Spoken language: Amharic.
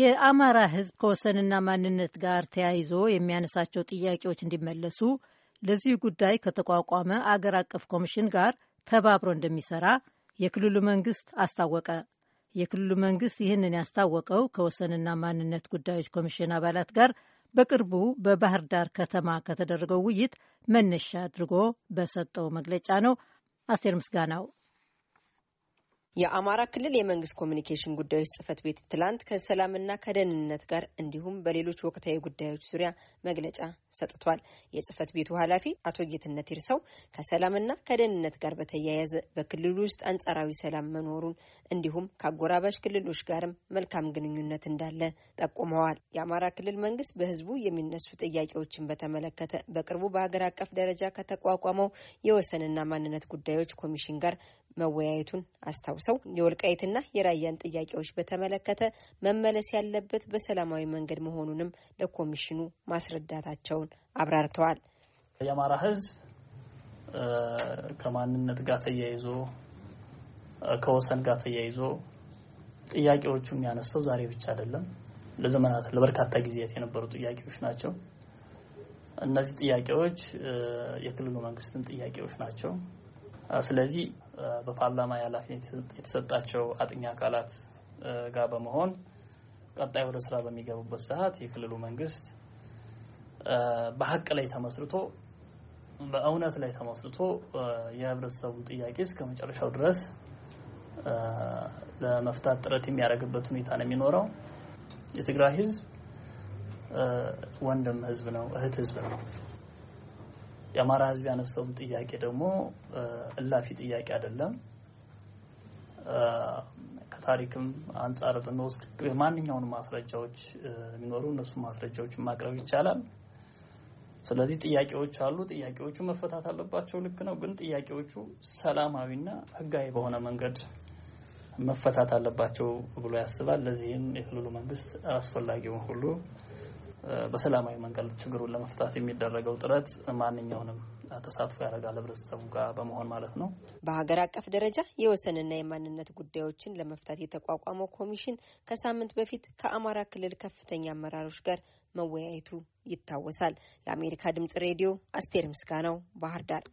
የአማራ ህዝብ ከወሰንና ማንነት ጋር ተያይዞ የሚያነሳቸው ጥያቄዎች እንዲመለሱ ለዚህ ጉዳይ ከተቋቋመ አገር አቀፍ ኮሚሽን ጋር ተባብሮ እንደሚሰራ የክልሉ መንግስት አስታወቀ። የክልሉ መንግስት ይህንን ያስታወቀው ከወሰንና ማንነት ጉዳዮች ኮሚሽን አባላት ጋር በቅርቡ በባህር ዳር ከተማ ከተደረገው ውይይት መነሻ አድርጎ በሰጠው መግለጫ ነው። አስቴር ምስጋናው የአማራ ክልል የመንግስት ኮሚኒኬሽን ጉዳዮች ጽህፈት ቤት ትላንት ከሰላምና ከደህንነት ጋር እንዲሁም በሌሎች ወቅታዊ ጉዳዮች ዙሪያ መግለጫ ሰጥቷል። የጽህፈት ቤቱ ኃላፊ አቶ ጌትነት ይርሰው ከሰላምና ከደህንነት ጋር በተያያዘ በክልሉ ውስጥ አንጻራዊ ሰላም መኖሩን እንዲሁም ከአጎራባሽ ክልሎች ጋርም መልካም ግንኙነት እንዳለ ጠቁመዋል። የአማራ ክልል መንግስት በህዝቡ የሚነሱ ጥያቄዎችን በተመለከተ በቅርቡ በሀገር አቀፍ ደረጃ ከተቋቋመው የወሰንና ማንነት ጉዳዮች ኮሚሽን ጋር መወያየቱን አስታውሰው የወልቃይትና የራያን ጥያቄዎች በተመለከተ መመለስ ያለበት በሰላማዊ መንገድ መሆኑንም ለኮሚሽኑ ማስረዳታቸውን አብራርተዋል። የአማራ ሕዝብ ከማንነት ጋር ተያይዞ ከወሰን ጋር ተያይዞ ጥያቄዎቹ የሚያነሰው ዛሬ ብቻ አይደለም። ለዘመናት ለበርካታ ጊዜያት የነበሩ ጥያቄዎች ናቸው። እነዚህ ጥያቄዎች የክልሉ መንግስትን ጥያቄዎች ናቸው። ስለዚህ በፓርላማ የኃላፊነት የተሰጣቸው አጥኚ አካላት ጋር በመሆን ቀጣይ ወደ ስራ በሚገቡበት ሰዓት የክልሉ መንግስት በሀቅ ላይ ተመስርቶ በእውነት ላይ ተመስርቶ የህብረተሰቡን ጥያቄ እስከ መጨረሻው ድረስ ለመፍታት ጥረት የሚያደርግበት ሁኔታ ነው የሚኖረው። የትግራይ ህዝብ ወንድም ህዝብ ነው፣ እህት ህዝብ ነው። የአማራ ህዝብ ያነሳውን ጥያቄ ደግሞ እላፊ ጥያቄ አይደለም። ከታሪክም አንጻር ብንወስድ ማንኛውንም ማስረጃዎች የሚኖሩ እነሱ ማስረጃዎችን ማቅረብ ይቻላል። ስለዚህ ጥያቄዎች አሉ። ጥያቄዎቹ መፈታት አለባቸው። ልክ ነው። ግን ጥያቄዎቹ ሰላማዊና ህጋዊ በሆነ መንገድ መፈታት አለባቸው ብሎ ያስባል። ለዚህም የክልሉ መንግስት አስፈላጊውን ሁሉ በሰላማዊ መንገድ ችግሩን ለመፍታት የሚደረገው ጥረት ማንኛውንም ተሳትፎ ያደርጋል ህብረተሰቡ ጋር በመሆን ማለት ነው። በሀገር አቀፍ ደረጃ የወሰንና የማንነት ጉዳዮችን ለመፍታት የተቋቋመው ኮሚሽን ከሳምንት በፊት ከአማራ ክልል ከፍተኛ አመራሮች ጋር መወያየቱ ይታወሳል። ለአሜሪካ ድምጽ ሬዲዮ አስቴር ምስጋናው ባህር ዳር